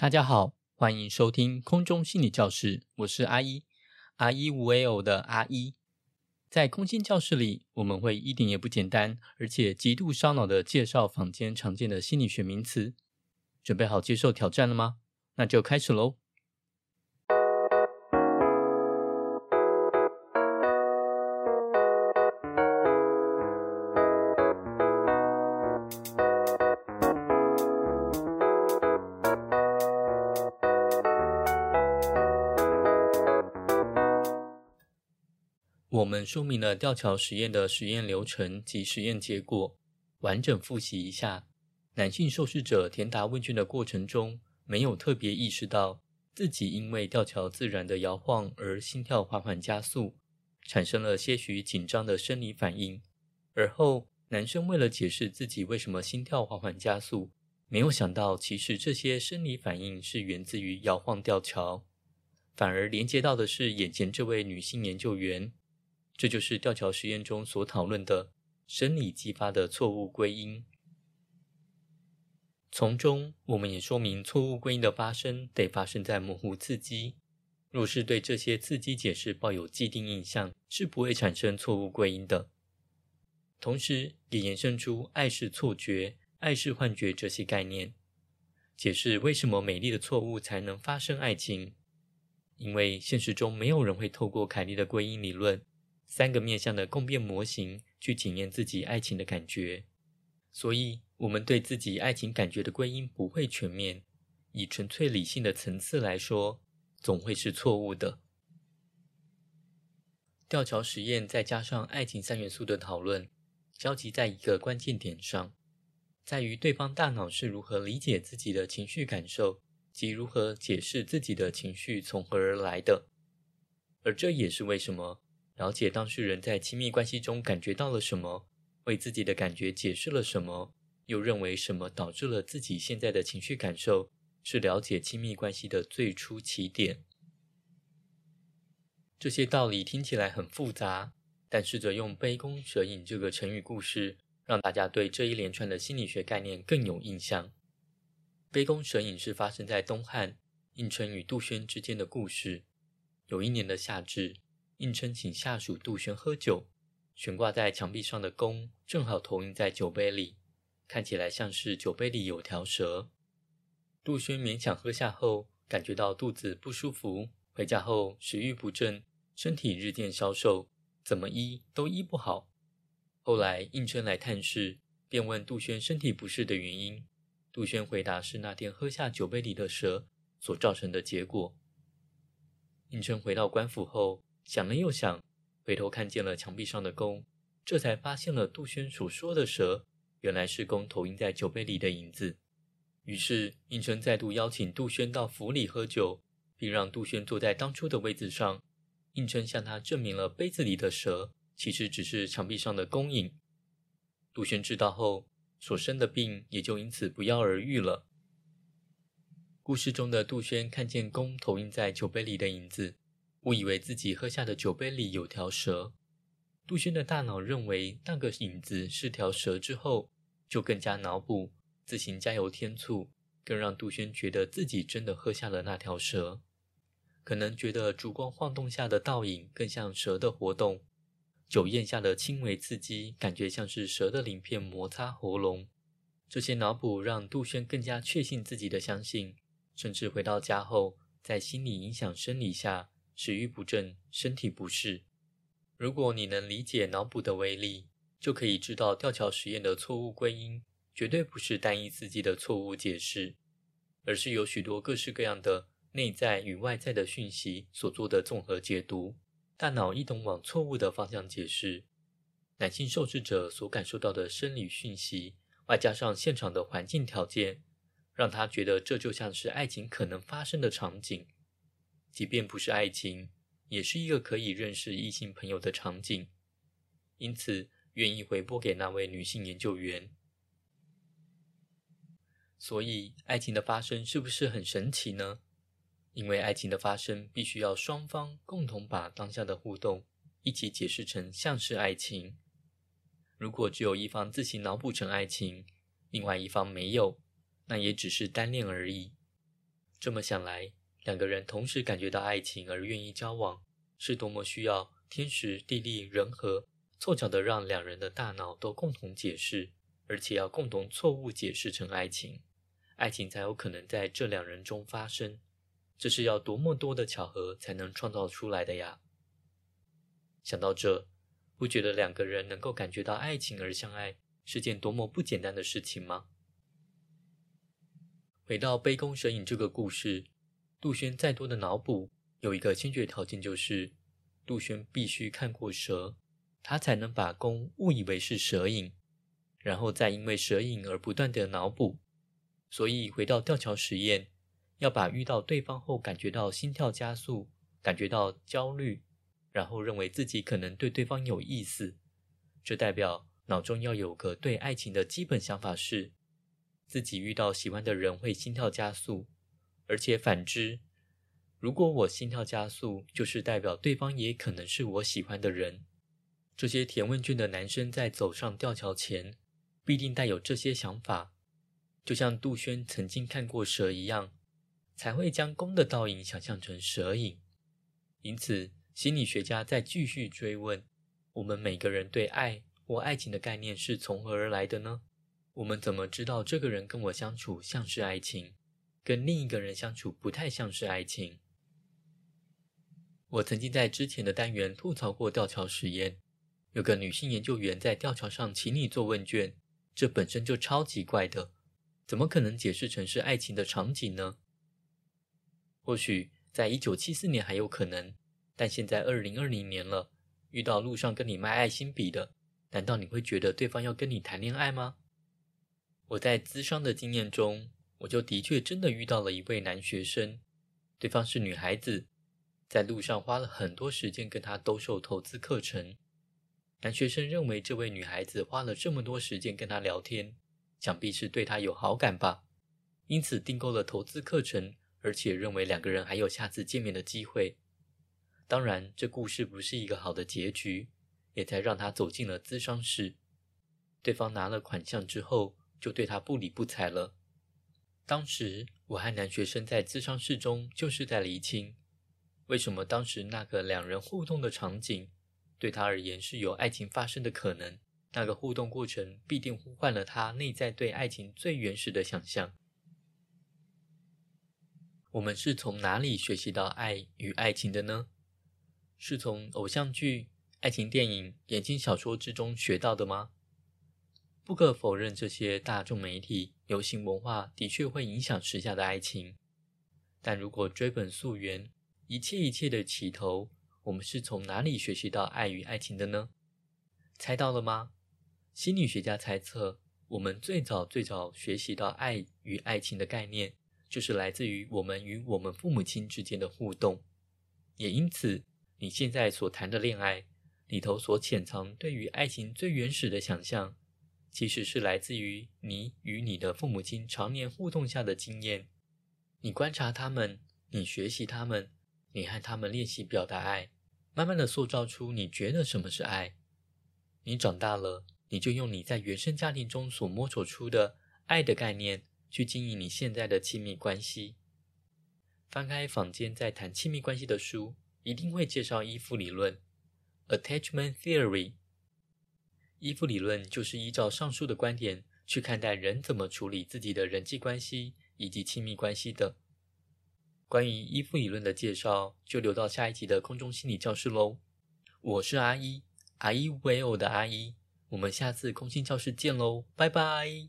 大家好，歡迎收聽空中心理教室，我是阿一，阿一無誒哦的阿一。在空心教室裡，我們會一點也不簡單，而且極度燒腦地介紹坊間常見的心理學名詞。準備好接受挑戰了嗎？那就開始嘍。我們說明了吊橋實驗的實驗流程及實驗結果，完整複習一下。男性受試者填答問卷的過程中，沒有特別意識到自己因為吊橋自然的搖晃而心跳緩緩加速，產生了些許緊張的生理反應。而後，男生為了解釋自己為什麼心跳緩緩加速，沒有想到其實這些生理反應是源自於搖晃吊橋，反而連接到的是眼前這位女性研究員。這就是吊橋實驗中所討論的生理激發的錯誤歸因。從中，我們也說明錯誤歸因的發生得發生在模糊刺激。若是對這些刺激解釋抱有既定印象，是不會產生錯誤歸因的。同時，也延伸出“愛是錯覺”、“愛是幻覺”這些概念，解釋為什麼美麗的錯誤才能發生愛情。因為現實中沒有人會透過凱利的歸因理論。三個面向的共變模型去檢驗自己愛情的感覺，所以我們對自己愛情感覺的歸因不會全面。以純粹理性的層次來說，總會是錯誤的。吊橋實驗再加上愛情三元素的討論，交集在一個關鍵點上，在於對方大腦是如何理解自己的情緒感受，及如何解釋自己的情緒從何而來的。而這也是為什麼。了解當事人在親密關係中感覺到了什麼，為自己的感覺解釋了什麼，又認為什麼導致了自己現在的情緒感受，是了解親密關係的最初起點。這些道理聽起來很複雜，但試着用“杯弓蛇影”這個成語故事，讓大家對這一連串的心理學概念更有印象。“杯弓蛇影”是發生在東漢應郴與杜宣之間的故事。有一年的夏至。應郴請下屬杜宣喝酒，懸掛在牆壁上的弓正好投影在酒杯裡，看起來像是酒杯裡有條蛇。杜宣勉強喝下後，感覺到肚子不舒服，回家後食慾不振，身體日漸消瘦，怎麼醫都醫不好。後來應郴來探視，便問杜宣身體不適的原因。杜宣回答是那天喝下酒杯裡的蛇所造成的結果。應郴回到官府後。想了又想，回頭看見了牆壁上的弓，這才發現了杜宣所說的蛇，原來是弓投影在酒杯裡的影子。於是，應郴再度邀請杜宣到府裡喝酒，並讓杜宣坐在當初的位置上。應郴向他證明了杯子裡的蛇其實只是牆壁上的弓影。杜宣知道後，所生的病也就因此不藥而愈了。故事中的杜宣看見弓投影在酒杯裡的影子。誤以為自己喝下的酒杯裡有條蛇。杜宣的大腦認為那個影子是條蛇之後，就更加腦補，自行加油添醋，更讓杜宣覺得自己真的喝下了那條蛇。可能覺得燭光晃動下的倒影更像蛇的活動，酒嚥下的輕微刺激感覺像是蛇的鱗片摩擦喉嚨。這些腦補讓杜宣更加確信自己的相信，甚至回到家後，在心理影響生理下。食慾不振，身體不適。如果你能理解腦補的威力，就可以知道吊橋實驗的錯誤歸因絕對不是單一刺激的錯誤解釋，而是由許多各式各樣的內在與外在的訊息所做的綜合解讀。大腦一同往錯誤的方向解釋。男性受試者所感受到的生理訊息，外加上現場的環境條件，讓他覺得這就像是愛情可能發生的場景。即便不是愛情，也是一個可以認識異性朋友的場景，因此願意回撥給那位女性研究員。所以，愛情的發生是不是很神奇呢？因為愛情的發生，必須要雙方共同把當下的互動一起解釋成像是愛情。如果只有一方自行腦補成愛情，另外一方沒有，那也只是單戀而已。這麼想來。兩個人同時感覺到愛情而願意交往，是多麼需要天時地利人和，湊巧的讓兩人的大腦都共同解釋，而且要共同錯誤解釋成愛情，愛情才有可能在這兩人中發生。這是要多麼多的巧合才能創造出來的呀？想到這，不覺得兩個人能夠感覺到愛情而相愛是件多麼不簡單的事情嗎？回到杯弓蛇影這個故事。杜宣再多的腦補，有一個先決條件就是，杜宣必須看過蛇，他才能把弓誤以為是蛇影，然後再因為蛇影而不斷的腦補。所以回到吊橋實驗，要把遇到對方後感覺到心跳加速，感覺到焦慮，然後認為自己可能對對方有意思，這代表腦中要有個對愛情的基本想法是，自己遇到喜歡的人會心跳加速。而且反之，如果我心跳加速，就是代表對方也可能是我喜歡的人。這些填問卷的男生在走上吊橋前，必定帶有這些想法。就像杜宣曾經看過蛇一樣，才會將弓的倒影想象成蛇影。因此，心理學家再繼續追問：我們每個人對愛或愛情的概念是從何而來的呢？我們怎麼知道這個人跟我相處像是愛情？跟另一個人相處不太像是愛情。我曾經在之前的單元吐槽過吊橋實驗，有個女性研究員在吊橋上請你做問卷，這本身就超級怪的，怎麼可能解釋成是愛情的場景呢？或許在一九七四年還有可能，但現在二零二零年了，遇到路上跟你賣愛心筆的，難道你會覺得對方要跟你談戀愛嗎？我在諮商的經驗中，我就的確真的遇到了一位男學生，對方是女孩子，在路上花了很多時間跟他兜售投資課程。男學生認為這位女孩子花了這麼多時間跟他聊天，想必是對他有好感吧，因此訂購了投資課程，而且認為兩個人還有下次見面的機會。當然，這故事不是一個好的結局，也才讓他走進了諮商室。對方拿了款項之後，就對他不理不睬了。當時，我和男學生在諮商室中，就是在釐清，為什麼當時那個兩人互動的場景，對他而言是有愛情發生的可能。那個互動過程必定呼喚了他內在對愛情最原始的想象。我們是從哪裡學習到愛與愛情的呢？是從偶像劇、愛情電影、言情小說之中學到的嗎？不可否認，這些大眾媒體、流行文化的確會影響時下的愛情。但如果追本溯源，一切一切的起頭，我們是從哪裡學習到愛與愛情的呢？猜到了嗎？心理學家猜測，我們最早最早學習到愛與愛情的概念，就是來自於我們與我們父母親之間的互動。也因此，你現在所談的戀愛，裡頭所潛藏對於愛情最原始的想象。其實是來自於你與你的父母親常年互動下的經驗。你觀察他們，你學習他們，你和他們練習表達愛，慢慢的塑造出你覺得什麼是愛。你長大了，你就用你在原生家庭中所摸索出的愛的概念去經營你現在的親密關係。翻開坊間在談親密關係的書，一定會介紹依附理論 （Attachment Theory）。依附理論就是依照上述的觀點去看待人怎麼處理自己的人際關係以及親密關係等。關於依附理論的介紹，就留到下一集的空中心理教室嘍。我是阿一，阿一為偶的阿一，我們下次空心教室見嘍，拜拜。